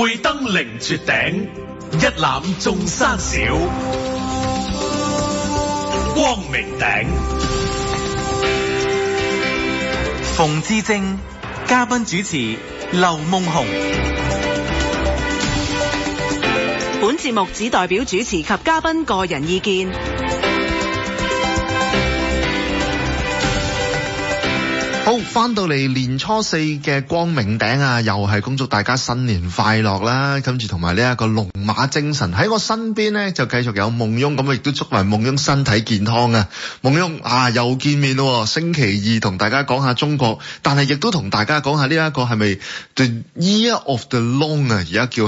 會登凌絕頂，一覽眾山小。光明頂，馮智政，嘉賓主持，劉夢熊。本節目只代表主持及嘉賓個人意見。好，翻到嚟年初四嘅光明頂啊，又係恭祝大家新年快樂啦！跟住同埋呢一個龍馬精神喺我身邊咧，就繼續有夢熊咁，亦都祝埋夢熊身體健康啊！夢熊啊，又見面咯，星期二同大家講下中國，但係亦都同大家講下呢一個係咪 The Year of the Long 啊，而家叫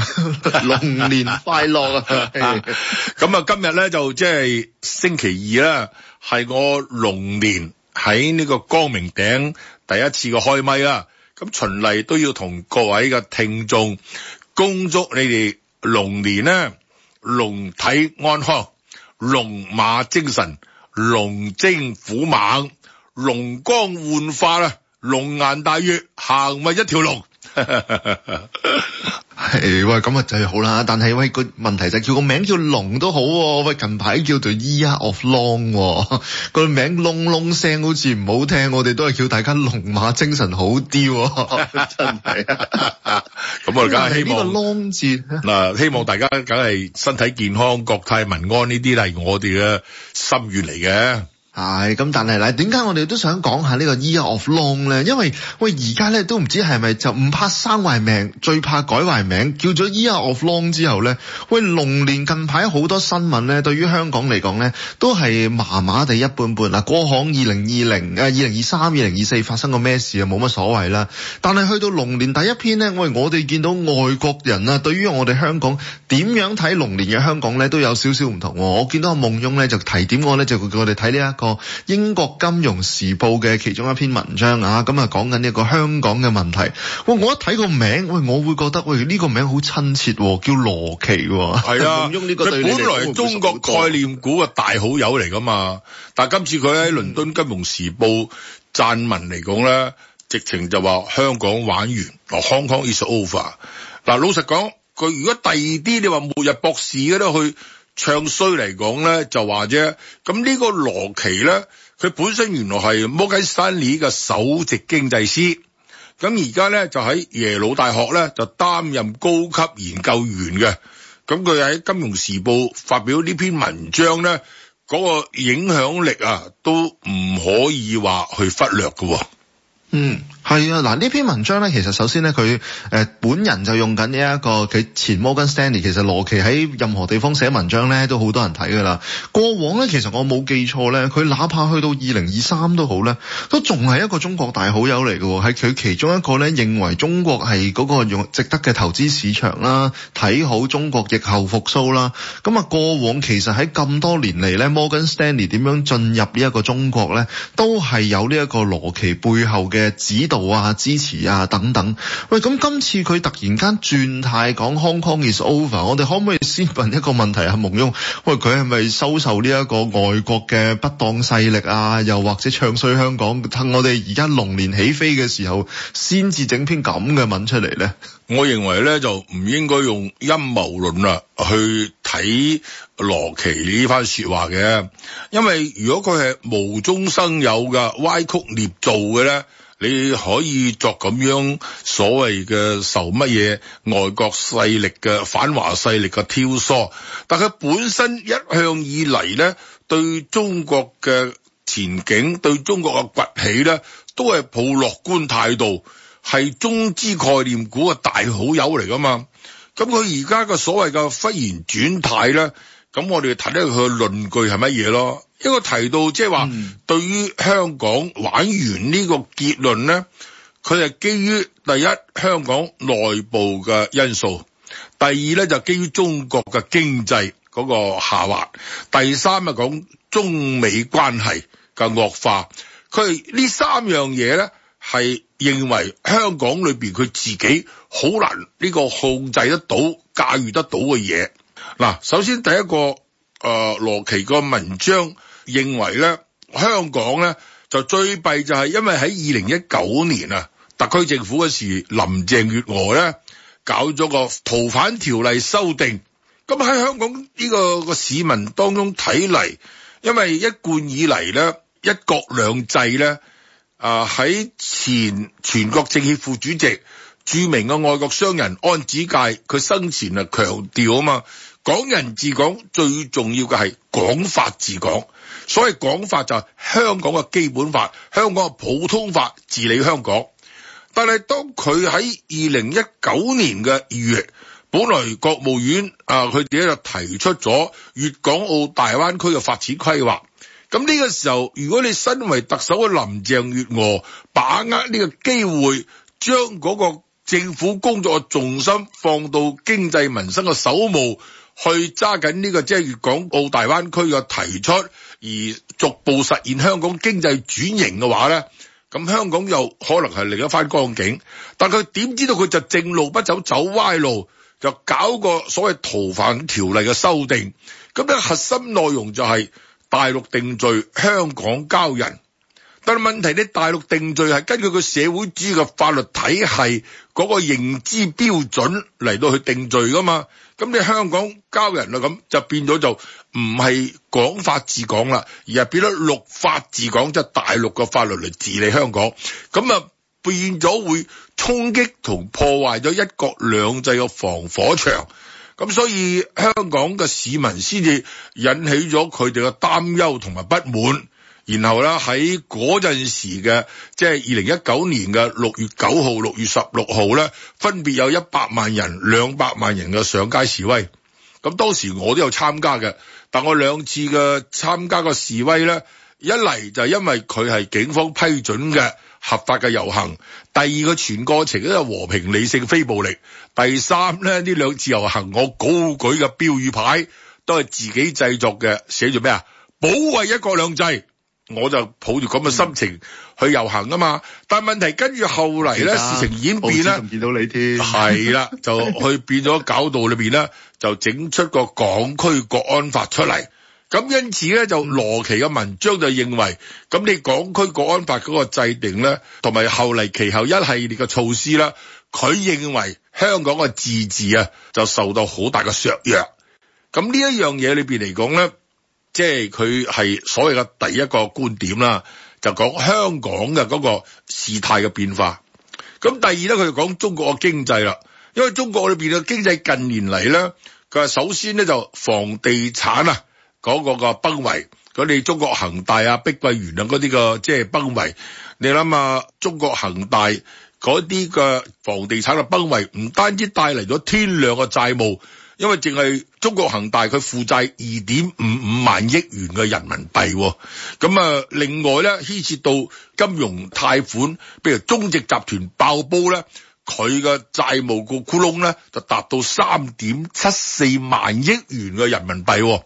龍年快樂啊！咁 啊， 今日咧就即、是、係星期二啦，係我龍年。喺呢個光明頂第一次嘅開咪啊！咁循例都要同各位嘅聽眾恭祝你哋龍年呢，龍體安康，龍馬精神，龍精虎猛，龍光煥發啊，龍顏大悦，行咪一條龍。係 喂，咁啊就係好啦。但係喂個問題就係叫個名叫龍都好喂，近排叫做 Year of Long 個、哦、名隆隆聲好似唔好聽，我哋都係叫大家龍馬精神好啲、哦。真係咁 我哋梗係希望呢個 Long 字嗱、呃，希望大家梗係身體健康、國泰民安呢啲係我哋嘅心願嚟嘅。唉，咁，但係呢，點解我哋都想講下呢個 Year of Long 呢？因為喂，而家咧都唔知係咪就唔怕生壞名，最怕改壞名。叫咗 Year of Long 之後呢。喂，龍年近排好多新聞呢，對於香港嚟講呢，都係麻麻地一般般嗱。過往二零二零誒、二零二三、二零二四發生過咩事啊？冇乜所謂啦。但係去到龍年第一篇呢，喂，我哋見到外國人啊，對於我哋香港點樣睇龍年嘅香港呢，都有少少唔同喎。我見到夢熊呢，就提點我呢，就叫我哋睇呢一個。英國金融時報嘅其中一篇文章啊，咁、嗯、啊講緊呢個香港嘅問題。喂，我一睇個名，喂，我會覺得喂呢、哎呢個名好親切喎，叫羅奇喎。係啊，佢本來係中國概念股嘅大好友嚟㗎嘛。嗯、但係今次佢喺倫敦金融時報撰文嚟講咧，直情就話香港玩完，Hong Kong is over。嗱，老實講，佢如果第二啲，你話末日博士嗰啲去。唱衰嚟講咧，就話啫。咁、這、呢個羅奇咧，佢本身原來係摩根士丹利嘅首席經濟師，咁而家咧就喺耶魯大學咧就擔任高級研究員嘅。咁佢喺《金融時報》發表呢篇文章咧，嗰、那個影響力啊，都唔可以話去忽略噶。嗯。係啊，嗱呢篇文章咧，其實首先咧佢誒本人就用緊呢一個佢前摩根士丹尼，其實羅奇喺任何地方寫文章咧都好多人睇㗎啦。過往咧，其實我冇記錯咧，佢哪怕去到二零二三都好咧，都仲係一個中國大好友嚟㗎喎。係佢其中一個咧，認為中國係嗰個用值得嘅投資市場啦，睇好中國疫後復甦啦。咁啊過往其實喺咁多年嚟咧，摩根士丹尼點樣進入呢一個中國咧，都係有呢一個羅奇背後嘅指道啊，支持啊，等等喂。咁今次佢突然間轉態，講 Hong Kong is over，我哋可唔可以先問一個問題啊？夢熊喂，佢係咪收受呢一個外國嘅不當勢力啊？又或者唱衰香港，趁我哋而家龍年起飛嘅時候，先至整篇咁嘅文出嚟咧？我認為咧就唔應該用陰謀論啊去睇羅奇呢番說話嘅，因為如果佢係無中生有的、嘅歪曲捏造嘅咧。你可以作咁樣所謂嘅受乜嘢外國勢力嘅反華勢力嘅挑唆，但佢本身一向以嚟咧對中國嘅前景、對中國嘅崛起咧都係抱樂觀態度，係中資概念股嘅大好友嚟噶嘛。咁佢而家嘅所謂嘅忽然轉態咧，咁我哋睇一睇佢嘅論據係乜嘢咯。一個提到即係話，對於香港玩完呢個結論咧，佢係基於第一香港內部嘅因素，第二咧就基於中國嘅經濟嗰個下滑，第三啊講中美關係嘅惡化，佢呢三樣嘢咧係認為香港裏邊佢自己好難呢個控制得到、駕馭得到嘅嘢。嗱，首先第一個誒、呃、羅奇個文章。認為咧，香港咧就最弊就係因為喺二零一九年啊，特區政府嗰時林鄭月娥咧搞咗個逃犯條例修訂，咁喺香港呢個個市民當中睇嚟，因為一貫以嚟咧，一國兩制咧啊，喺前全國政協副主席著名嘅外國商人安子介，佢生前啊強調啊嘛，港人治港最重要嘅係港法治港。所以講法就係香港嘅基本法，香港嘅普通法治理香港。但係當佢喺二零一九年嘅二月，本來國務院啊，佢自己就提出咗粵港澳大灣區嘅發展規劃。咁呢個時候，如果你身為特首嘅林鄭月娥，把握呢個機會，將嗰個政府工作嘅重心放到經濟民生嘅首務，去揸緊呢、這個即係、就是、粵港澳大灣區嘅提出。而逐步實現香港經濟轉型嘅話咧，咁香港又可能係另一番光景。但佢點知道佢就正路不走，走歪路就搞個所謂逃犯條例嘅修訂。咁樣核心內容就係大陸定罪，香港交人。但問題你大陸定罪係根據個社會主義嘅法律體系嗰個認知標準嚟到去定罪噶嘛？咁你香港交人啦，咁就變咗就唔係講法治港啦，而係變咗陸法治港，即係大陸嘅法律嚟治理香港，咁啊變咗會沖擊同破壞咗一國兩制嘅防火牆，咁所以香港嘅市民先至引起咗佢哋嘅擔憂同埋不滿。然後咧喺嗰陣時嘅即係二零一九年嘅六月九號、六月十六號咧，分別有一百萬人、兩百萬人嘅上街示威。咁當時我都有參加嘅，但我兩次嘅參加嘅示威咧，一嚟就係因為佢係警方批准嘅合法嘅遊行；第二個全過程都有和平理性、非暴力；第三咧呢兩次遊行，我高舉嘅標語牌都係自己製作嘅，寫住咩啊？保衛一國兩制。我就抱住咁嘅心情去遊行啊嘛，但問題跟住後嚟咧，事情已經變啦，冇見到你添。係啦， 就去變咗搞到裏面咧，就整出個港區國安法出嚟。咁因此咧，就羅奇嘅文章就認為，咁、嗯、你港區國安法嗰個制定咧，同埋後嚟其後一系列嘅措施啦，佢認為香港嘅自治啊，就受到好大嘅削弱。咁呢一樣嘢裏面嚟講咧。即係佢係所謂嘅第一個觀點啦，就講香港嘅嗰個事態嘅變化。咁第二咧，佢就講中國嘅經濟啦，因為中國裏邊嘅經濟近年嚟咧，佢話首先咧就房地產啊嗰個嘅崩圍，佢哋中國恒大啊、碧桂園啊嗰啲嘅即係崩圍。你諗啊，中國恒大嗰啲嘅房地產嘅崩圍，唔單止帶嚟咗天量嘅債務，因為淨係。中國恒大佢負債二點五五萬億元嘅人民幣，咁啊，另外咧牽涉到金融貸款，譬如中冶集團爆煲咧，佢嘅債務個窟窿咧就達到三點七四萬億元嘅人民幣。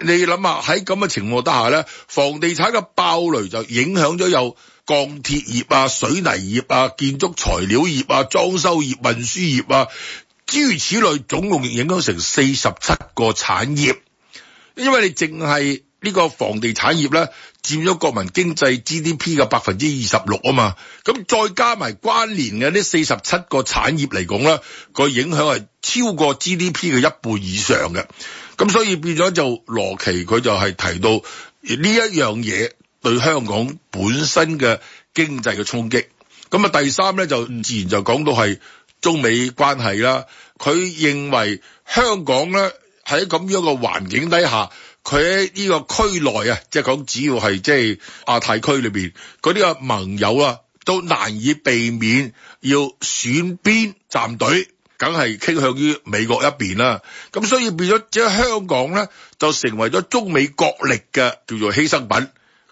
你諗下喺咁嘅情況底下咧，房地產嘅爆雷就影響咗有鋼鐵業啊、水泥業啊、建築材料業啊、裝修業、運輸業啊。諸如此類，總共影響成四十七個產業，因為你淨係呢個房地產業咧，佔咗國民經濟 GDP 嘅百分之二十六啊嘛，咁再加埋關聯嘅呢四十七個產業嚟講咧，個影響係超過 GDP 嘅一半以上嘅，咁所以變咗就羅奇佢就係提到呢一樣嘢對香港本身嘅經濟嘅衝擊，咁啊第三咧就自然就講到係。中美關係啦，佢認為香港咧喺咁樣嘅個環境底下，佢喺呢個區內啊，即係講主要係即係亞太區裏邊嗰啲個盟友啊，都難以避免要選邊站隊，梗係傾向於美國一邊啦。咁所以變咗，即係香港咧就成為咗中美角力嘅叫做犧牲品。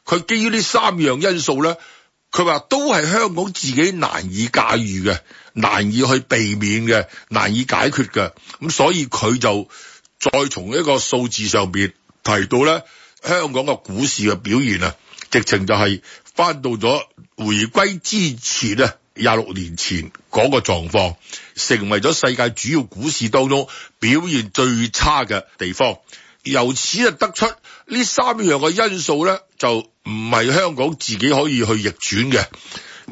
佢基於呢三樣因素咧，佢話都係香港自己難以駕馭嘅。難以去避免嘅，難以解決嘅，咁所以佢就再從一個數字上邊提到咧，香港嘅股市嘅表現啊，直情就係翻到咗回歸之前啊廿六年前嗰個狀況，成為咗世界主要股市當中表現最差嘅地方。由此啊，得出呢三樣嘅因素咧，就唔係香港自己可以去逆轉嘅，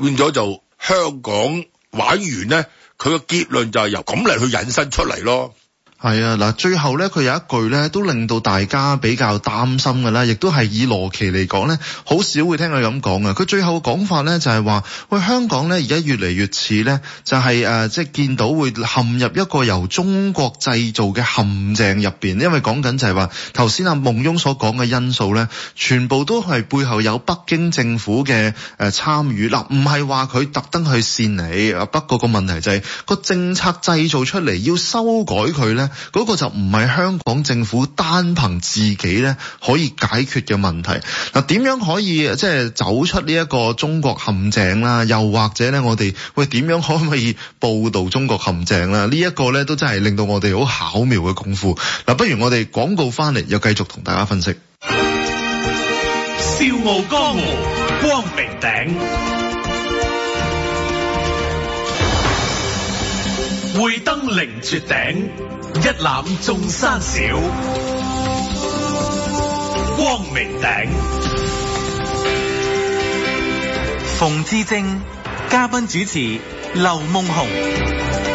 變咗就香港玩完咧，佢嘅結論就係由咁嚟去引申出嚟咯。係啊，嗱，最後咧，佢有一句咧，都令到大家比較擔心嘅啦。亦都係以羅奇嚟講咧，好少會聽佢咁講啊。佢最後嘅講法咧，就係話，喂，香港咧，而家越嚟越似咧，就係誒，即係見到會陷入一個由中國製造嘅陷阱入邊。因為講緊就係話，頭先阿夢熊所講嘅因素咧，全部都係背後有北京政府嘅誒參與。嗱，唔係話佢特登去煽你啊，不過個問題就係、是、個政策製造出嚟要修改佢咧。嗰個就唔係香港政府單憑自己咧可以解決嘅問題。嗱，點樣可以即係走出呢一個中國陷阱啦？又或者咧，我哋喂點樣可唔可以報道中國陷阱啦？呢一個咧都真係令到我哋好巧妙嘅功夫。嗱，不如我哋廣告翻嚟，又繼續同大家分析。笑傲江湖，光明頂，會登凌絕頂。一覽眾山小，光明頂。馮智政，嘉賓主持，劉夢熊。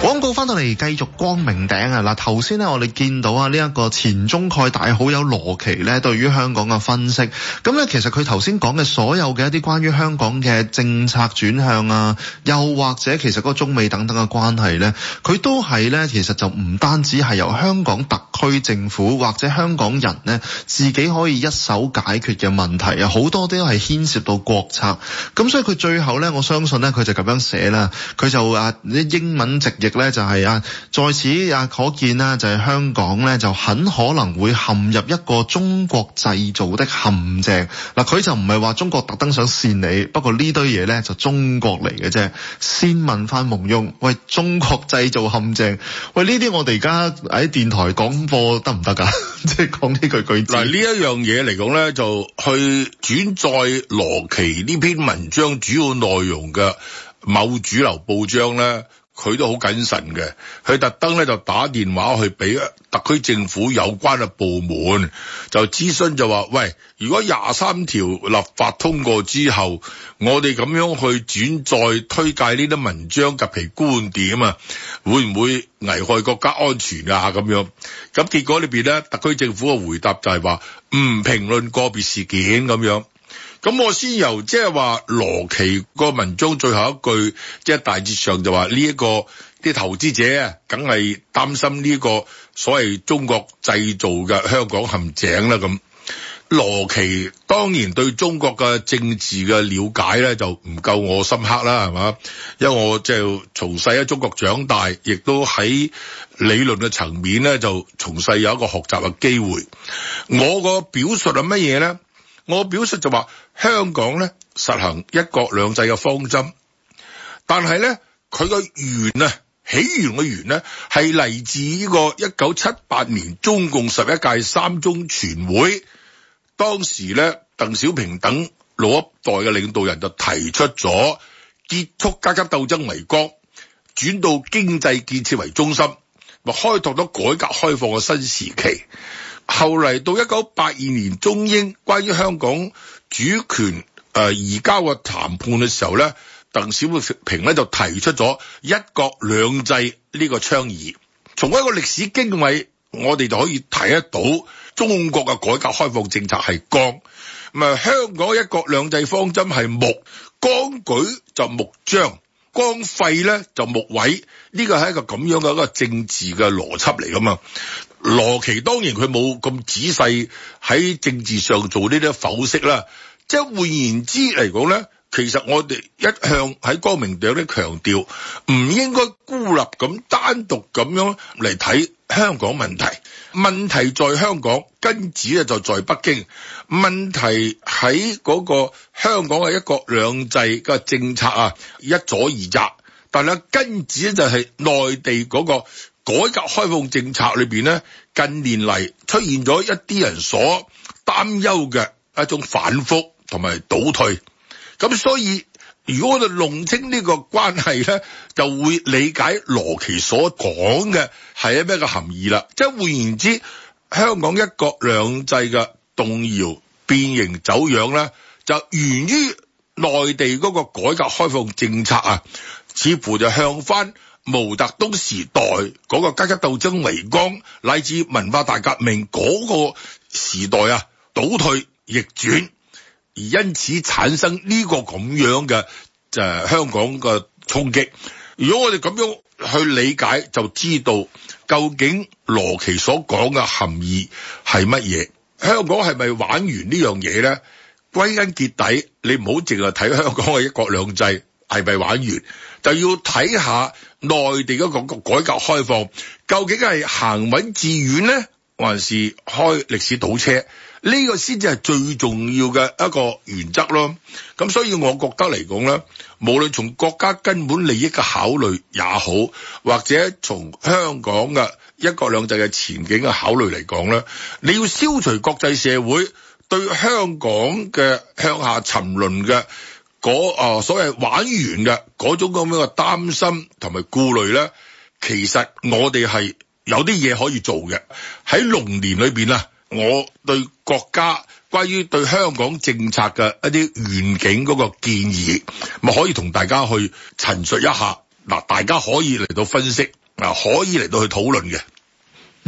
廣告翻到嚟，繼續光明頂啊！嗱，頭先咧，我哋見到啊，呢一個前中國大好友羅奇呢，對於香港嘅分析，咁咧，其實佢頭先講嘅所有嘅一啲關於香港嘅政策轉向啊，又或者其實嗰個中美等等嘅關係呢，佢都係呢，其實就唔單止係由香港特區政府或者香港人呢，自己可以一手解決嘅問題啊，好多都係牽涉到國策。咁所以佢最後呢，我相信呢，佢就咁樣寫啦，佢就啊，英文直譯。咧就係啊，在此啊可見啦，就係香港咧，就很可能會陷入一個中國製造的陷阱嗱。佢就唔係話中國特登想善你，不過呢堆嘢咧就中國嚟嘅啫。先問翻夢熊，喂，中國製造陷阱，喂呢啲我哋而家喺電台講播得唔得㗎？ 即係講呢句句子嗱，呢一樣嘢嚟講咧，就去轉載羅奇呢篇文章主要內容嘅某主流報章咧。佢都好謹慎嘅，佢特登咧就打電話去俾特區政府有關嘅部門，就諮詢就話：喂，如果廿三條立法通過之後，我哋咁樣去轉載推介呢啲文章及其觀點啊，會唔會危害國家安全啊？咁樣咁結果裏邊咧，特區政府嘅回答就係話唔評論個別事件咁樣。咁我先由即係話羅奇個文章最後一句，即係大致上就話呢一個啲投資者啊，梗係擔心呢個所謂中國製造嘅香港陷阱啦。咁羅奇當然對中國嘅政治嘅了解咧，就唔夠我深刻啦，係嘛？因為我就從細喺中國長大，亦都喺理論嘅層面咧，就從細有一個學習嘅機會。我個表述係乜嘢咧？我表叔就話香港咧實行一國兩制嘅方針，但係咧佢個源啊，起源嘅源咧係嚟自呢個一九七八年中共十一屆三中全會，當時咧鄧小平等老一代嘅領導人就提出咗結束階級鬥爭為綱，轉到經濟建設為中心，咪開拓咗改革開放嘅新時期。後嚟到一九八二年中英關於香港主權誒移交嘅談判嘅時候咧，鄧小平咧就提出咗一國兩制呢個倡議。從一個歷史經緯，我哋就可以睇得到中國嘅改革開放政策係綱。咁啊香港一國兩制方針係目，綱舉就目張，綱廢咧就目毀。呢個係一個咁樣嘅一個政治嘅邏輯嚟噶嘛。羅奇當然佢冇咁仔細喺政治上做呢啲剖析啦，即係換言之嚟講咧，其實我哋一向喺光明頂咧強調，唔應該孤立咁單獨咁樣嚟睇香港問題。問題在香港根子咧就在北京，問題喺嗰個香港嘅一國兩制嘅政策啊，一左二窄，但係根子咧就係內地嗰個。改革開放政策裏邊，咧，近年嚟出現咗一啲人所擔憂嘅一種反覆同埋倒退，咁所以如果我哋弄清呢個關係咧，就會理解羅奇所講嘅係一咩嘅含義啦。即係換言之，香港一國兩制嘅動搖變形走樣咧，就源於內地嗰個改革開放政策啊，似乎就向翻。毛澤東時代嗰個階級鬥爭為綱，乃至文化大革命嗰個時代啊，倒退逆轉，而因此產生呢個咁樣嘅就、呃、香港嘅衝擊。如果我哋咁樣去理解，就知道究竟羅奇所講嘅含義係乜嘢，香港係咪玩完這呢樣嘢咧？歸根結底，你唔好淨係睇香港嘅一國兩制係咪玩完，就要睇下。內地嗰個改革開放究竟係行穩致遠呢，還是開歷史倒車？呢個先至係最重要嘅一個原則咯。咁所以我覺得嚟講咧，無論從國家根本利益嘅考慮也好，或者從香港嘅一國兩制嘅前景嘅考慮嚟講咧，你要消除國際社會對香港嘅向下沉淪嘅。我啊，所謂玩完嘅嗰種咁樣嘅擔心同埋顧慮咧，其實我哋係有啲嘢可以做嘅。喺龍年裏邊啊，我對國家關於對香港政策嘅一啲願景嗰個建議，咪可以同大家去陳述一下。嗱，大家可以嚟到分析，啊，可以嚟到去討論嘅。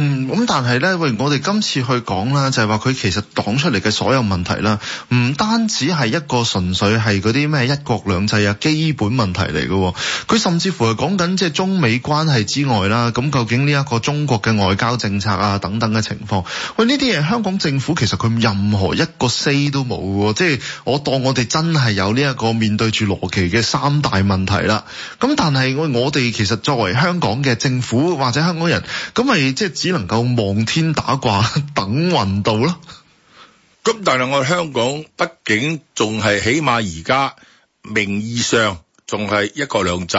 嗯，咁但係咧，喂，我哋今次去講啦，就係話佢其實講出嚟嘅所有問題啦，唔單止係一個純粹係嗰啲咩一國兩制啊，基本問題嚟嘅，佢甚至乎係講緊即係中美關係之外啦，咁究竟呢一個中國嘅外交政策啊等等嘅情況，喂，呢啲嘢香港政府其實佢任何一個 say 都冇嘅，即係我當我哋真係有呢一個面對住羅奇嘅三大問題啦，咁但係我我哋其實作為香港嘅政府或者香港人，咁咪即係。只能夠望天打卦等運到啦。咁但係我哋香港畢竟仲係起碼而家名義上仲係一國兩制。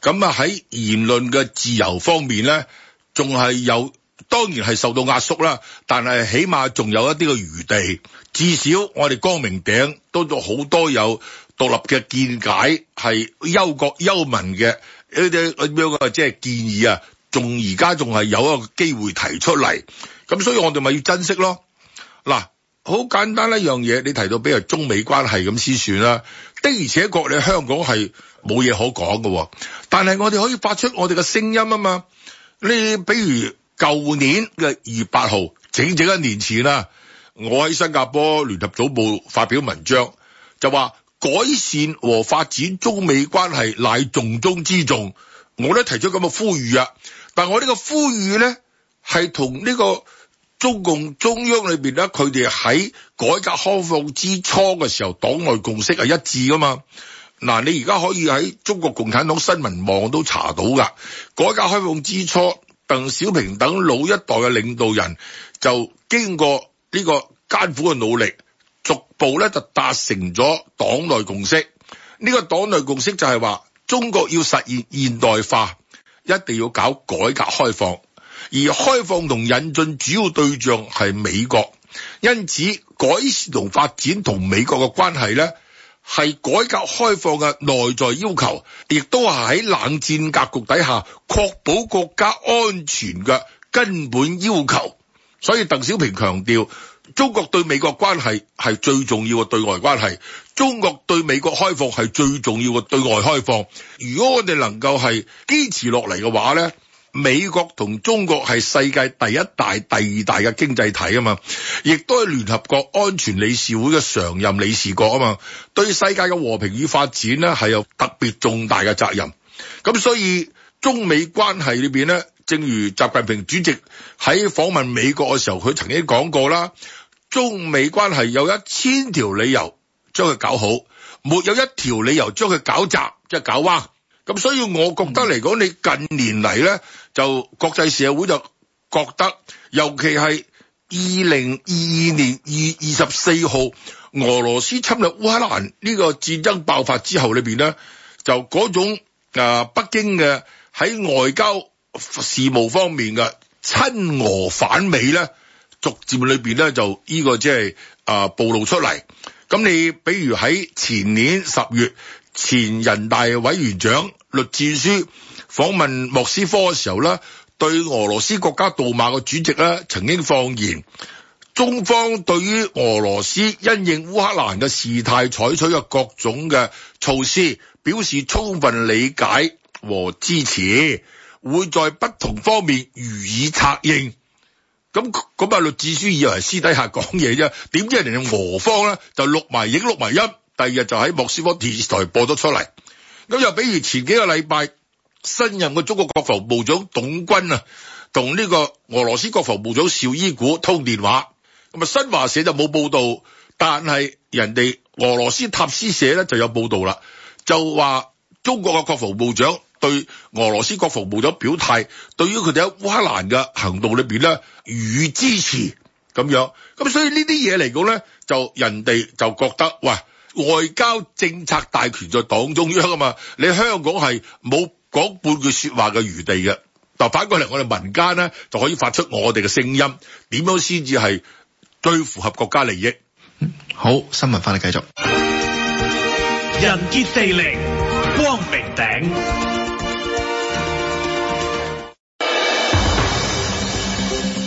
咁啊喺言論嘅自由方面咧，仲係有當然係受到壓縮啦。但係起碼仲有一啲嘅餘地，至少我哋光明頂都有好多有獨立嘅見解，係憂國憂民嘅一啲咁樣嘅即係建議啊。仲而家仲係有一個機會提出嚟，咁所以我哋咪要珍惜咯。嗱，好簡單一樣嘢，你提到比如中美關係咁先算啦。的而且確，你香港係冇嘢可講嘅，但係我哋可以發出我哋嘅聲音啊嘛。你比如舊年嘅二月八號，整整一年前啊，我喺新加坡聯合組部發表文章，就話改善和發展中美關係乃重中之重。我都提出咁嘅呼籲啊！但我呢個呼籲呢，係同呢個中共中央裏邊咧，佢哋喺改革開放之初嘅時候，黨內共識係一致噶嘛？嗱，你而家可以喺中國共產黨新聞網都查到噶。改革開放之初，鄧小平等老一代嘅領導人就經過呢個艱苦嘅努力，逐步呢就達成咗黨內共識。呢個黨內共識就係話，中國要實現現代化。一定要搞改革開放，而開放同引進主要對象係美國，因此改善同發展同美國嘅關係呢，係改革開放嘅內在要求，亦都係喺冷戰格局底下確保國家安全嘅根本要求。所以鄧小平強調。中國對美國關係係最重要嘅對外關係，中國對美國開放係最重要嘅對外開放。如果我哋能夠係堅持落嚟嘅話呢，美國同中國係世界第一大、第二大嘅經濟體啊嘛，亦都係聯合國安全理事會嘅常任理事國啊嘛，對世界嘅和平與發展呢，係有特別重大嘅責任。咁所以中美關係裏邊呢，正如習近平主席喺訪問美國嘅時候，佢曾經講過啦。中美關係有一千條理由將佢搞好，沒有一條理由將佢搞砸，即係搞壞。咁所以我覺得嚟講，你近年嚟咧就國際社會就覺得，尤其係二零二二年二二十四號俄羅斯侵略烏克蘭呢個戰爭爆發之後裏邊咧，就嗰種北京嘅喺外交事務方面嘅親俄反美咧。逐漸裏邊咧就呢個即係啊暴露出嚟。咁你比如喺前年十月，前人大委員長栗戰書訪問莫斯科嘅時候咧，對俄羅斯國家杜馬嘅主席咧曾經放言：中方對於俄羅斯因應烏克蘭嘅事態採取嘅各種嘅措施，表示充分理解和支持，會在不同方面予以策應。咁咁啊！律志書以為私底下講嘢啫，點知人哋用俄方咧就錄埋影錄埋音，第二日就喺莫斯科電視台播咗出嚟。咁又比如前幾個禮拜，新任嘅中國國防部長董軍啊，同呢個俄羅斯國防部長紹伊古通電話，咁啊新華社就冇報道，但係人哋俄羅斯塔斯社咧就有報道啦，就話中國嘅國防部長。對俄羅斯國防部長表態，對於佢哋喺烏克蘭嘅行動裏邊咧予支持咁樣，咁所以呢啲嘢嚟講咧，就人哋就覺得喂，外交政策大權在黨中央啊嘛，你香港係冇講半句說話嘅餘地嘅，但反過嚟我哋民間咧就可以發出我哋嘅聲音，點樣先至係最符合國家利益？好，新聞翻嚟繼續，人傑地靈。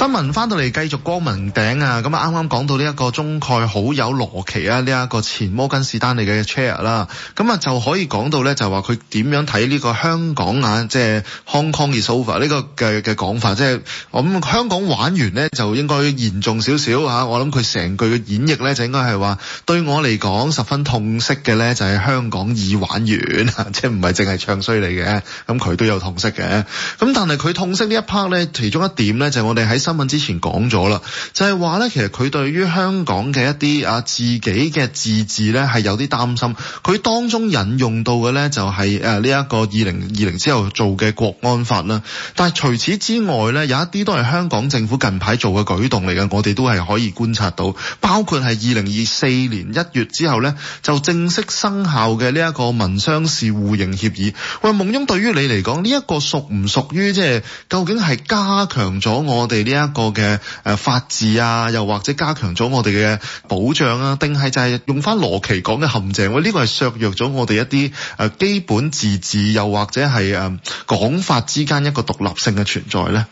新聞翻到嚟繼續光明頂啊！咁啊啱啱講到呢一個中概好友羅奇啊，呢、這、一個前摩根士丹利嘅 Chair 啦、啊，咁啊就可以講到咧，就話佢點樣睇呢個香港啊，即、就、係、是、Hong Kong is over 呢個嘅嘅講法，即係我諗香港玩完咧就應該嚴重少少啊。我諗佢成句嘅演繹咧就應該係話，對我嚟講十分痛惜嘅咧就係香港已玩完，即係唔係淨係唱衰嚟嘅，咁佢都有痛惜嘅。咁、啊、但係佢痛惜一呢一 part 咧，其中一點咧就我哋喺新聞之前講咗啦，就係話咧，其實佢對於香港嘅一啲啊自己嘅自治咧係有啲擔心。佢當中引用到嘅咧就係誒呢一個二零二零之後做嘅國安法啦。但係除此之外咧，有一啲都係香港政府近排做嘅舉動嚟嘅，我哋都係可以觀察到，包括係二零二四年一月之後咧就正式生效嘅呢一個民商事互認協議。喂，夢熊對於你嚟講呢一個屬唔屬於即係究竟係加強咗我哋呢一？一個嘅誒法治啊，又或者加強咗我哋嘅保障啊，定係就係用翻羅奇講嘅陷阱？呢個係削弱咗我哋一啲誒基本自治，又或者係誒港法之間一個獨立性嘅存在咧。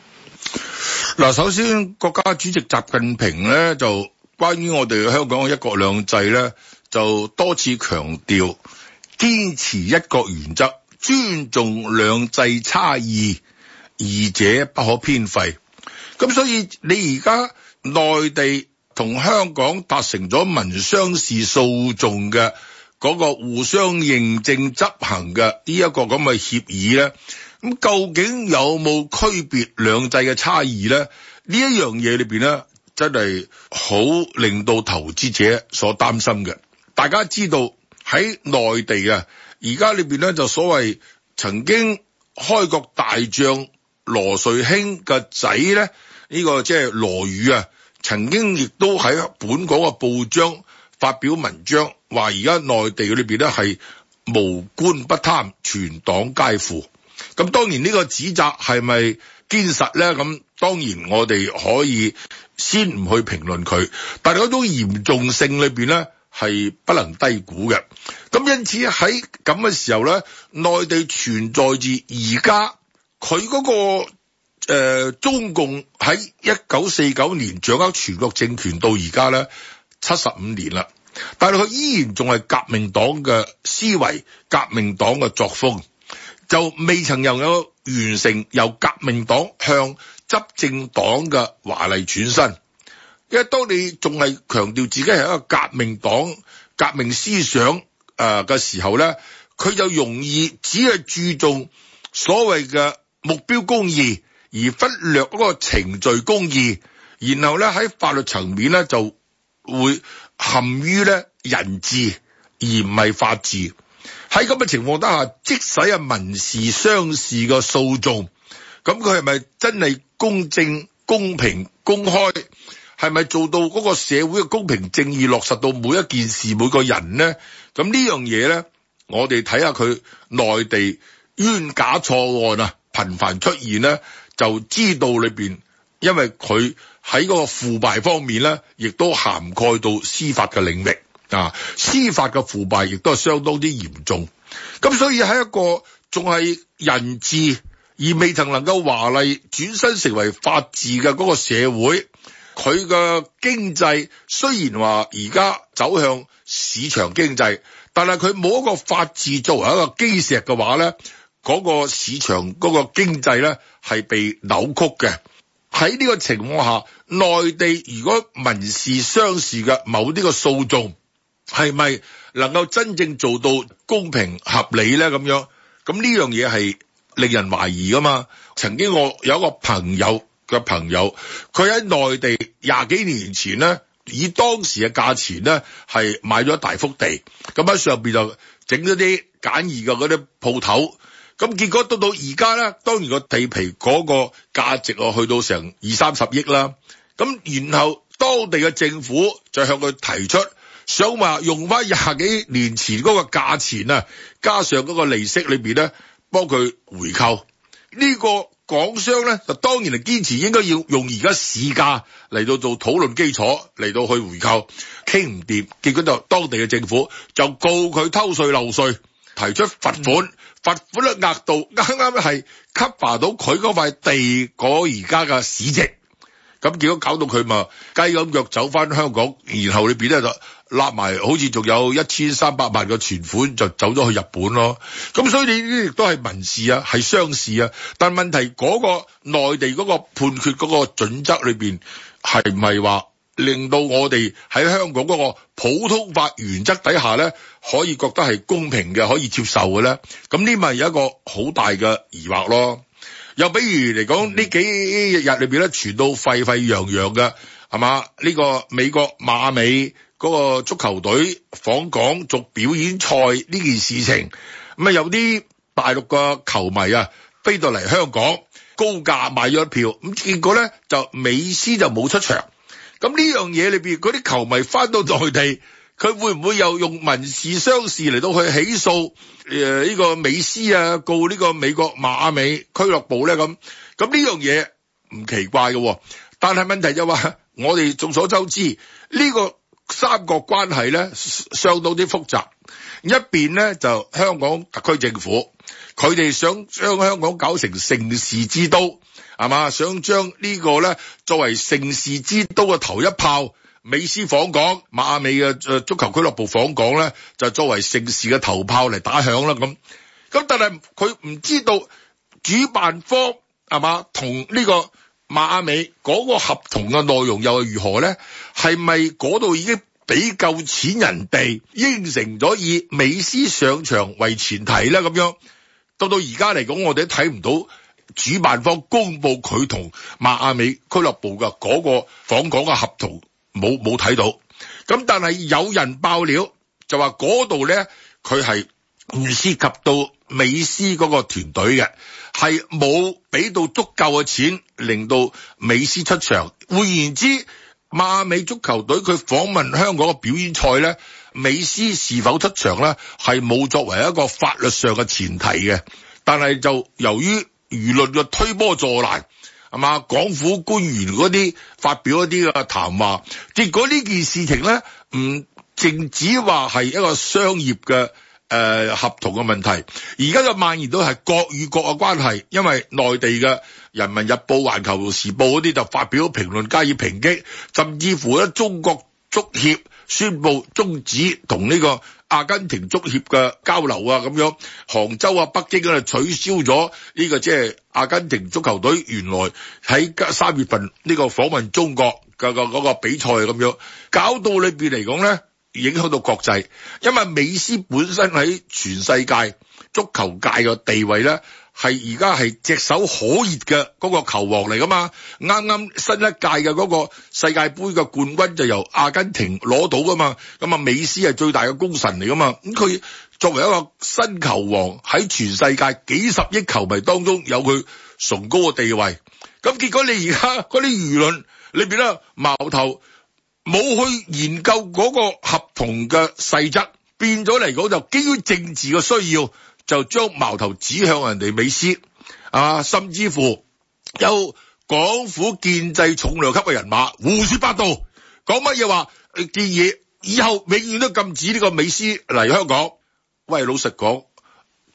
嗱，首先，國家主席習近平咧就關於我哋香港嘅一國兩制咧，就多次強調堅持一國原則，尊重兩制差異，二者不可偏廢。咁所以你而家內地同香港達成咗民商事訴訟嘅嗰個互相認證執行嘅呢一個咁嘅協議咧，咁究竟有冇區別兩制嘅差異咧？呢一樣嘢裏邊咧，真係好令到投資者所擔心嘅。大家知道喺內地啊，而家裏邊咧就所謂曾經開國大將羅瑞卿嘅仔咧。呢、這個即係羅宇啊，曾經亦都喺本港嘅報章發表文章，話而家內地裏面咧係無官不貪，全黨皆腐。咁當然呢個指責係咪堅實咧？咁當然我哋可以先唔去評論佢，但係嗰種嚴重性裏面咧係不能低估嘅。咁因此喺咁嘅時候咧，內地存在住而家佢嗰個。誒、呃，中共喺一九四九年掌握全國政權到而家咧七十五年啦，但係佢依然仲係革命黨嘅思維、革命黨嘅作風，就未曾又有完成由革命黨向執政黨嘅華麗轉身。因為當你仲係強調自己係一個革命黨、革命思想誒嘅時候咧，佢就容易只係注重所謂嘅目標公義。而忽略嗰個程序公義，然後咧喺法律層面咧就會陷於咧人治而唔係法治。喺咁嘅情況底下，即使係民事，相事、商事嘅訴訟，咁佢係咪真係公正、公平、公開？係咪做到嗰個社會嘅公平正義落實到每一件事、每個人咧？咁呢樣嘢咧，我哋睇下佢內地冤假錯案啊，頻繁出現咧。就知道裏邊，因為佢喺嗰個腐敗方面咧，亦都涵蓋到司法嘅領域啊！司法嘅腐敗亦都係相當之嚴重。咁所以喺一個仲係人治而未曾能夠華麗轉身成為法治嘅嗰個社會，佢嘅經濟雖然話而家走向市場經濟，但係佢冇一個法治作為一個基石嘅話咧。嗰個市場嗰個經濟咧係被扭曲嘅。喺呢個情況下，內地如果民事、商事嘅某啲個訴訟係咪能夠真正做到公平合理咧？咁樣咁呢樣嘢係令人懷疑噶嘛？曾經我有一個朋友嘅朋友，佢喺內地廿幾年前咧，以當時嘅價錢咧係買咗大幅地，咁喺上面就整咗啲簡易嘅嗰啲鋪頭。咁結果到到而家咧，當然個地皮嗰個價值啊，去到成二三十億啦。咁然後當地嘅政府就向佢提出，想話用翻廿幾年前嗰個價錢啊，加上嗰個利息裏邊咧，幫佢回購。呢個港商咧就當然係堅持應該要用而家市價嚟到做討論基礎，嚟到去回購。傾唔掂，結果就當地嘅政府就告佢偷稅漏稅，提出罰款。罰款嘅額度啱啱係 cover 到佢嗰塊地嗰而家嘅市值，咁結果搞到佢嘛雞咁腳走翻香港，然後裏邊咧就立埋好似仲有一千三百萬嘅存款就走咗去日本咯，咁所以呢啲亦都係民事啊，係商事啊，但問題嗰個內地嗰個判決嗰個準則裏邊係唔係話，是令到我哋喺香港嗰個普通法原則底下咧，可以覺得係公平嘅，可以接受嘅咧。咁呢咪有一個好大嘅疑惑咯。又比如嚟講呢幾日日裏邊咧，傳到沸沸揚揚嘅係嘛？呢個美國馬尾嗰個足球隊訪港做表演賽呢件事情，咁啊有啲大陸嘅球迷啊飛到嚟香港高價買咗一票，咁結果咧就美斯就冇出場。咁呢樣嘢裏邊，嗰啲球迷返到內地，佢會唔會又用民事、商事嚟到去起訴誒呢個美斯啊，告呢個美國馬美俱樂部咧？咁咁呢樣嘢唔奇怪嘅，但係問題就話、是，我哋眾所周知呢、這個三國關係咧相當之複雜，一邊咧就香港特區政府，佢哋想將香港搞成盛事之都。係嘛？想將呢個咧作為城市盛事之都嘅頭一炮，美斯訪港，馬亞美嘅誒足球俱樂部訪港咧，就作為盛事嘅頭炮嚟打響啦咁。咁但係佢唔知道主辦方係嘛同呢個馬阿美嗰個合同嘅內容又係如何咧？係咪嗰度已經俾夠錢人哋，應承咗以美斯上場為前提咧？咁樣到到而家嚟講，我哋都睇唔到。主辦方公布，佢同馬阿美俱樂部嘅嗰個訪港嘅合同冇冇睇到咁，但係有人爆料就話嗰度咧，佢係唔涉及到美斯嗰個團隊嘅，係冇俾到足夠嘅錢，令到美斯出場。換言之，馬阿美足球隊佢訪問香港嘅表演賽咧，美斯是否出場咧，係冇作為一個法律上嘅前提嘅，但係就由於。輿論嘅推波助瀾，係嘛？港府官員嗰啲發表一啲嘅談話，結果呢件事情咧，唔淨止話係一個商業嘅誒、呃、合同嘅問題，而家就蔓延到係國與國嘅關係，因為內地嘅《人民日報》《環球時報》嗰啲就發表評論加以抨擊，甚至乎咧中國足協宣布終止同呢、這個。阿根廷足協嘅交流啊，咁樣杭州啊、北京啊取消咗呢個即係阿根廷足球隊原來喺三月份呢個訪問中國嘅個個比賽咁樣，搞到裏邊嚟講咧，影響到國際，因為美斯本身喺全世界足球界嘅地位咧。係而家係隻手可熱嘅嗰個球王嚟噶嘛？啱啱新一屆嘅嗰個世界盃嘅冠軍就由阿根廷攞到噶嘛？咁啊，美斯係最大嘅功臣嚟噶嘛？咁佢作為一個新球王喺全世界幾十億球迷當中有佢崇高嘅地位。咁結果你而家嗰啲輿論裏邊咧，矛頭冇去研究嗰個合同嘅細則，變咗嚟講就基於政治嘅需要。就將矛頭指向人哋美斯，啊，甚至乎有港府建制重量級嘅人馬胡說八道，講乜嘢話？建議以後永遠都禁止呢個美斯嚟香港。喂，老實講，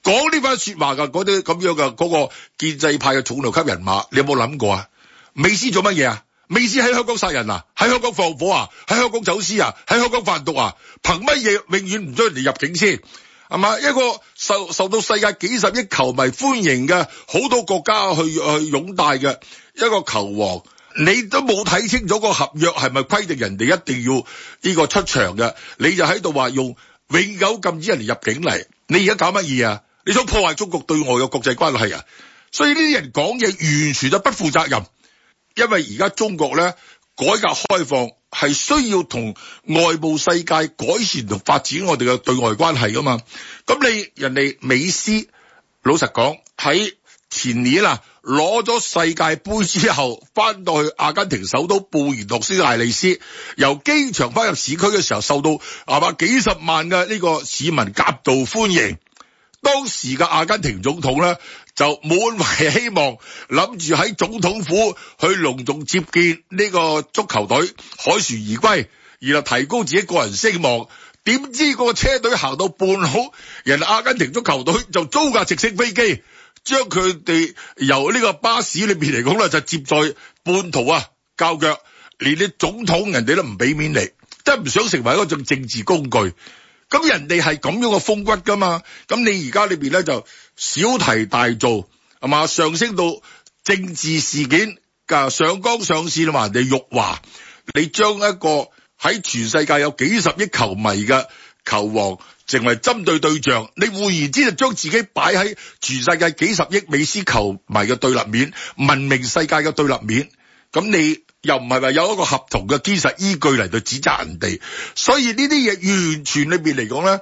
講呢番說話嘅嗰啲咁樣嘅嗰個建制派嘅重量級人馬，你有冇諗過啊？美斯做乜嘢啊？美斯喺香港殺人啊？喺香港放火啊？喺香港走私啊？喺香港販毒啊？憑乜嘢永遠唔准人哋入境先？係嘛，一個受受到世界幾十億球迷歡迎嘅，好多國家去去擁戴嘅一個球王，你都冇睇清楚個合約係咪規定人哋一定要呢個出場嘅，你就喺度話用永久禁止人哋入境嚟。你而家搞乜嘢啊？你想破壞中國對外嘅國際關係啊？所以呢啲人講嘢完全就不負責任，因為而家中國咧改革開放。係需要同外部世界改善同發展我哋嘅對外關係噶嘛？咁你人哋美斯，老實講喺前年啊，攞咗世界杯之後，翻到去阿根廷首都布宜諾斯艾利斯，由機場翻入市區嘅時候，受到啊嘛幾十萬嘅呢個市民夾道歡迎。當時嘅阿根廷總統咧，就滿懷希望，諗住喺總統府去隆重接見呢個足球隊凱旋而歸，然後提高自己個人聲望。點知嗰個車隊行到半路，人阿根廷足球隊就租架直升飛機，將佢哋由呢個巴士裏邊嚟講咧，就接載半途啊，交腳，連啲總統人哋都唔俾面嚟，真係唔想成為一種政治工具。咁人哋係咁樣嘅風骨㗎嘛？咁你而家裏邊咧就。小題大做，係嘛，上升到政治事件，噶，上綱上線話人哋辱華，你將一個喺全世界有幾十億球迷嘅球王成為針對對象，你換言之，就將自己擺喺全世界幾十億美斯球迷嘅對立面，文明世界嘅對立面，咁你又唔係話有一個合同嘅堅實依據嚟到指責人哋，所以呢啲嘢完全裏面嚟講咧，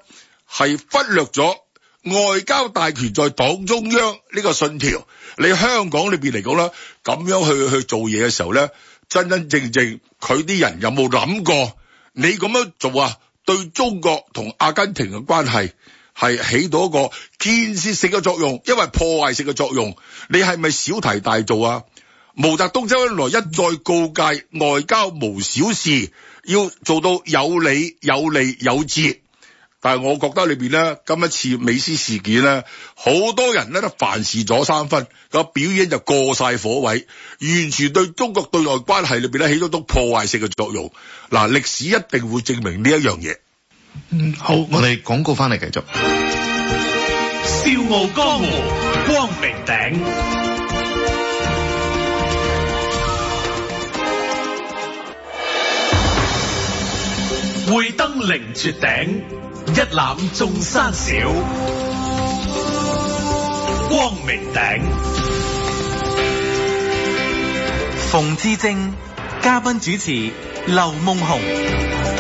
係忽略咗。外交大權在黨中央呢個信條，你香港裏邊嚟講咧，咁樣去去做嘢嘅時候咧，真真正正佢啲人有冇諗過？你咁樣做啊，對中國同阿根廷嘅關係係起到一個建設性嘅作用，因為破壞性嘅作用，你係咪小題大做啊？毛澤東周恩來一再告誡，外交無小事，要做到有理有利、有節。但係我覺得裏邊咧，今一次美斯事件咧，好多人咧都凡事咗三分，個表演就過晒火位，完全對中國對外關係裏邊咧起咗種破壞性嘅作用。嗱、啊，歷史一定會證明呢一樣嘢。嗯，好，我哋廣告翻嚟，繼續。笑傲江湖，光明頂，會當凌絕頂，一覽眾山小，光明頂。馮智政，嘉賓主持，劉夢熊。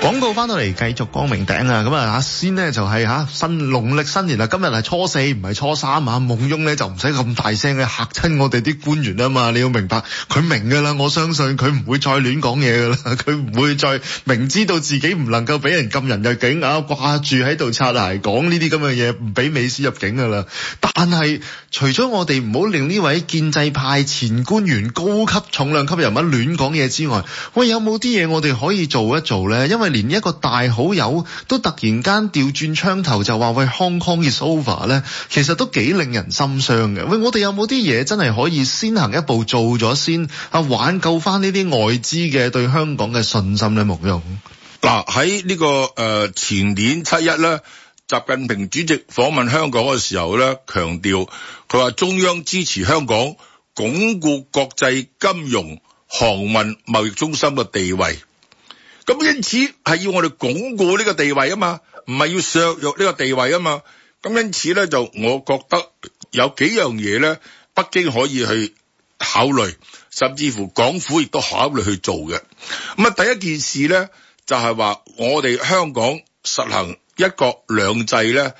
廣告翻到嚟，繼續光明頂啊！咁啊、就是，先呢就係嚇新農曆新年啦，啊，今日係初四，唔係初三啊。夢熊呢就唔使咁大聲嘅嚇親我哋啲官員啊嘛！你要明白，佢明噶啦，我相信佢唔會再亂講嘢噶啦，佢唔會再明知道自己唔能夠俾人禁人入境啊，掛住喺度擦鞋嚟講呢啲咁嘅嘢，唔俾美斯入境噶啦。但係除咗我哋唔好令呢位建制派前官員高級重量級人物亂講嘢之外，喂，有冇啲嘢我哋可以做一做呢？因為連一個大好友都突然間調轉槍頭就話喂 Hong Kong is over 咧，其實都幾令人心傷嘅。喂，我哋有冇啲嘢真係可以先行一步做咗先，啊挽救返呢啲外資嘅對香港嘅信心咧？冇用。嗱喺呢個誒前年七一咧，習近平主席訪問香港嘅時候咧，強調佢話中央支持香港鞏固國際金融、航運、貿易中心嘅地位。咁因此係要我哋鞏固呢個地位啊嘛，唔係要削弱呢個地位啊嘛。咁因此咧，就我覺得有幾樣嘢咧，北京可以去考慮，甚至乎港府亦都考慮去做嘅。咁啊，第一件事咧，就係話我哋香港實行一國兩制咧，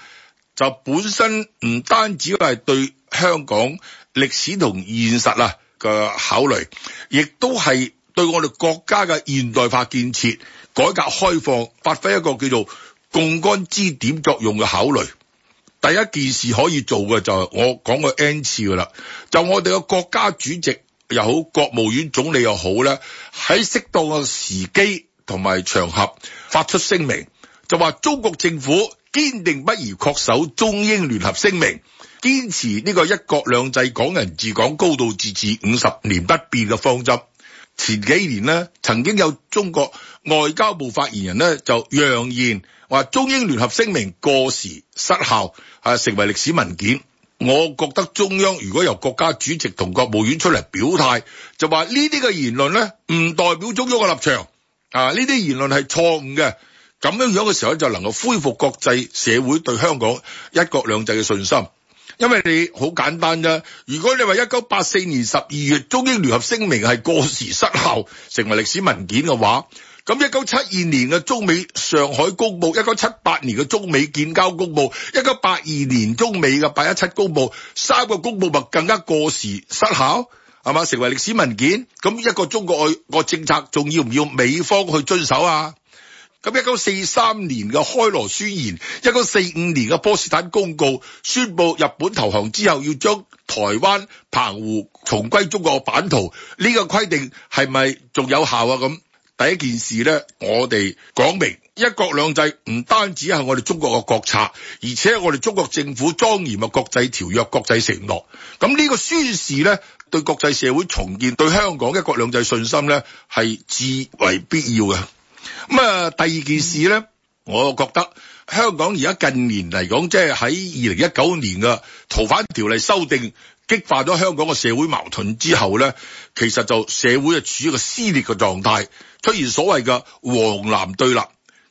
就本身唔單止係對香港歷史同現實啊嘅考慮，亦都係，對我哋國家嘅現代化建設、改革開放，發揮一個叫做槓桿支點作用嘅考慮。第一件事可以做嘅就係、是、我講過 N 次噶啦，就我哋嘅國家主席又好，國務院總理又好咧，喺適當嘅時機同埋場合發出聲明，就話中國政府堅定不移確守中英聯合聲明，堅持呢個一國兩制、港人治港、高度自治五十年不變嘅方針。前幾年咧，曾經有中國外交部發言人咧就揚言話中英聯合聲明過時失效，啊成為歷史文件。我覺得中央如果由國家主席同國務院出嚟表態，就話呢啲嘅言論咧唔代表中央嘅立場，啊呢啲言論係錯誤嘅。咁樣樣嘅時候就能夠恢復國際社會對香港一國兩制嘅信心。因為你好簡單啫。如果你話一九八四年十二月中英聯合聲明係過時失效，成為歷史文件嘅話，咁一九七二年嘅中美上海公報，一九七八年嘅中美建交公報，一九八二年中美嘅八一七公報，三個公報咪更加過時失效，係嘛？成為歷史文件，咁一個中國嘅個政策仲要唔要美方去遵守啊？咁一九四三年嘅開羅宣言，一九四五年嘅波茨坦公告，宣佈日本投降之後要將台灣澎湖重歸中國嘅版圖，呢個規定係咪仲有效啊？咁第一件事咧，我哋講明一國兩制唔單止係我哋中國嘅國策，而且我哋中國政府莊嚴嘅國際條約、國際承諾，咁呢個宣示咧，對國際社會重建、對香港一國兩制信心咧，係至為必要嘅。.咁啊，第二件事咧，我覺得香港而家近年嚟講，即係喺二零一九年嘅逃犯條例修訂激化咗香港嘅社會矛盾之後咧，其實就社會啊處於一個撕裂嘅狀態，出現所謂嘅黃藍對立。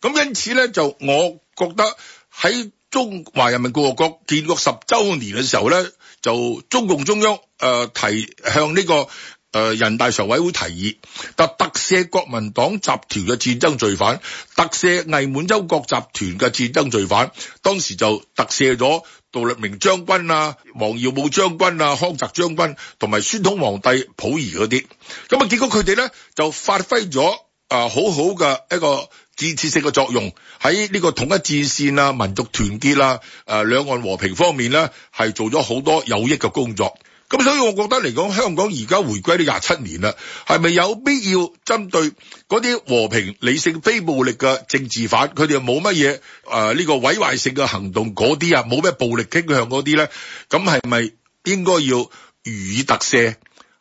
咁因此咧，就我覺得喺中華人民共和國建國十周年嘅時候咧，就中共中央誒、呃、提向呢、呢個。誒、呃，人大常委會提議特赦國民黨集團嘅戰爭罪犯，特赦偽滿洲國集團嘅戰爭罪犯，當時就特赦咗杜聿明將軍啊、王耀武將軍啊、康澤將軍同埋宣統皇帝溥儀嗰啲。咁啊，結果佢哋咧就發揮咗啊好好嘅一個建設性嘅作用，喺呢個統一戰線啊、民族團結啊、誒兩岸和平方面咧，係做咗好多有益嘅工作。咁所以我覺得嚟講，香港而家回歸呢廿七年啦，係咪有必要針對嗰啲和平、理性、非暴力嘅政治犯，佢哋又冇乜嘢誒呢個毀壞性嘅行動，嗰啲啊冇咩暴力傾向嗰啲咧，咁係咪應該要予以特赦，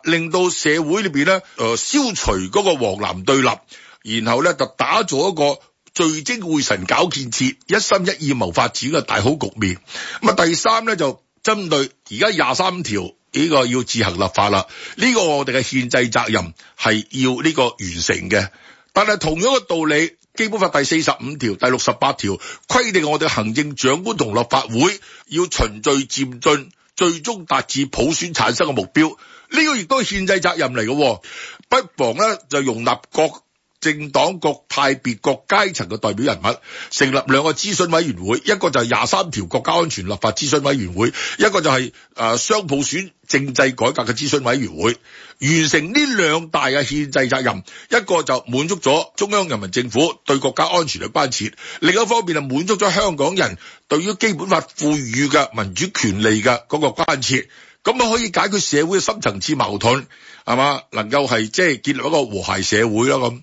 令到社會裏邊咧誒消除嗰個黃藍對立，然後咧就打造一個聚精會神搞建設、一心一意謀發展嘅大好局面。咁啊第三咧就針對而家廿三條。呢個要自行立法啦，呢個我哋嘅憲制責任係要呢個完成嘅。但係同樣嘅道理，基本法第四十五條、第六十八條規定我哋行政長官同立法會要循序漸進，最終達至普選產生嘅目標。呢個亦都係憲制責任嚟嘅，不妨咧就容納各。政黨各派別各階層嘅代表人物，成立兩個諮詢委員會，一個就係廿三條國家安全立法諮詢委員會，一個就係誒雙普選政制改革嘅諮詢委員會，完成呢兩大嘅憲制責任。一個就滿足咗中央人民政府對國家安全嘅關切，另一方面就滿足咗香港人對於基本法賦予嘅民主權利嘅嗰個關切。咁啊可以解決社會嘅深層次矛盾，係嘛？能夠係即係建立一個和諧社會啦咁。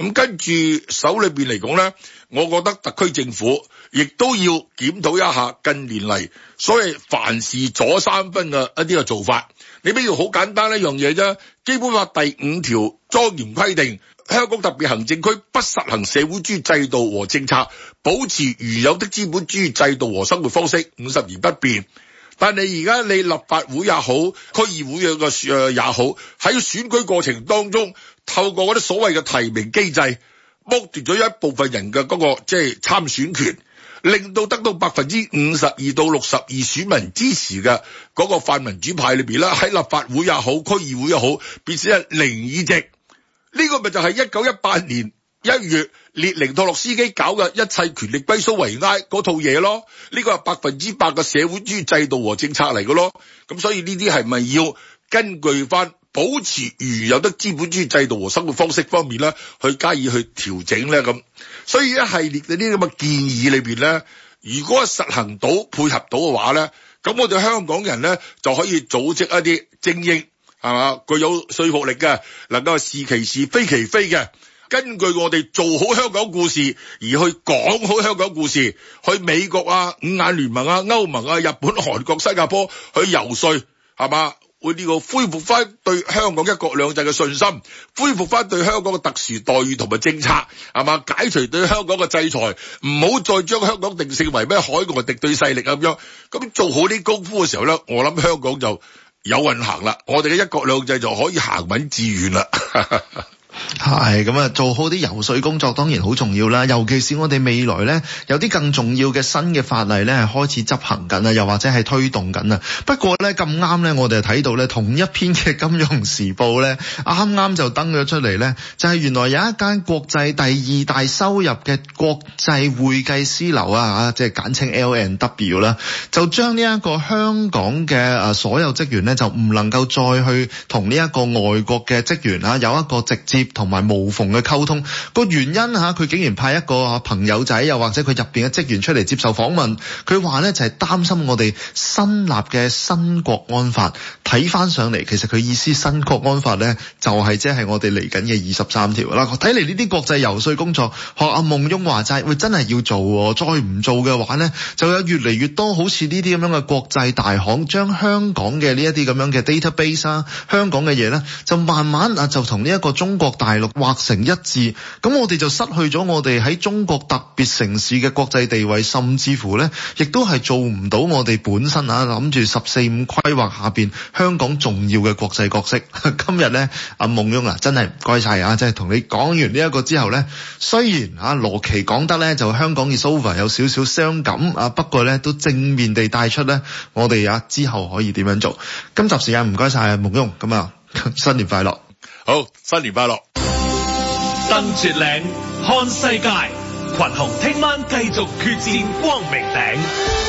咁跟住手裏邊嚟講呢，我覺得特區政府亦都要檢討一下近年嚟，所謂凡事左三分嘅一啲嘅做法。你比如好簡單一樣嘢啫，《基本法》第五條莊嚴規定，香港特別行政區不實行社會主義制度和政策，保持原有的資本主義制度和生活方式五十年不變。但係而家你立法會也好，區議會嘅嘅誒也好，喺選舉過程當中。透過嗰啲所謂嘅提名機制，剝奪咗一部分人嘅嗰、嗰個即係參選權，令到得到百分之五十二到六十二選民支持嘅嗰個泛民主派裏邊啦，喺立法會又好，區議會又好，變咗係零議席。呢、呢個咪就係一九一八年一月列寧托洛斯基搞嘅一切權力歸蘇維埃嗰套嘢咯。呢、呢個係百分之百嘅社會主義制度和政策嚟嘅咯。咁所以呢啲係咪要根據翻？保持原有的資本主義制度和生活方式方面咧，去加以去調整咧。咁，所以一系列嘅呢啲咁嘅建議裏面，咧，如果實行到配合到嘅話咧，咁我哋香港人咧就可以組織一啲精英，係嘛，具有說服力嘅，能夠是其是非其非嘅，根據我哋做好香港故事而去講好香港故事，去美國啊、五眼聯盟啊、歐盟啊、日本、韓國、新加坡去游說，係嘛？會呢個恢復翻對香港一國兩制嘅信心，恢復翻對香港嘅特殊待遇同埋政策，係嘛？解除對香港嘅制裁，唔好再將香港定性為咩海外敵對勢力咁樣。咁做好啲功夫嘅時候咧，我諗香港就有運行啦，我哋嘅一國兩制就可以行穩致遠啦。哈哈哈哈係咁啊，做好啲遊說工作當然好重要啦，尤其是我哋未來咧有啲更重要嘅新嘅法例咧係開始執行緊啊，又或者係推動緊啊。不過咧咁啱咧，我哋睇到咧同一篇嘅《金融時報》咧，啱啱就登咗出嚟咧，就係、是、原來有一間國際第二大收入嘅國際會計師樓啊，吓即係簡稱 L N W 啦，就將呢一個香港嘅誒所有職員咧就唔能夠再去同呢一個外國嘅職員啊有一個直接。同埋無縫嘅溝通，個原因嚇、啊、佢竟然派一個朋友仔，又或者佢入邊嘅職員出嚟接受訪問，佢話呢就係、是、擔心我哋新立嘅新國安法，睇翻上嚟其實佢意思新國安法呢就係即係我哋嚟緊嘅二十三條啦。睇嚟呢啲國際遊說工作，學阿夢熊話齋，會真係要做喎、哦，再唔做嘅話呢，就有越嚟越多好似呢啲咁樣嘅國際大行，將香港嘅呢一啲咁樣嘅 database 啊，香港嘅嘢呢，就慢慢啊就同呢一個中國。大陸劃成一致，咁我哋就失去咗我哋喺中國特別城市嘅國際地位，甚至乎呢亦都係做唔到我哋本身啊諗住十四五規劃下面香港重要嘅國際角色。今日呢，阿、啊、夢熊啊，真係唔該晒啊！即係同你講完呢一個之後呢，雖然啊羅奇講得呢就香港嘅 is over 有少少傷感啊，不過呢都正面地帶出呢我哋啊之後可以點樣做。今集時間唔該晒啊，夢熊咁啊，新年快樂！好，新年快樂！登絕頂看世界，群雄聽晚繼續決戰光明頂。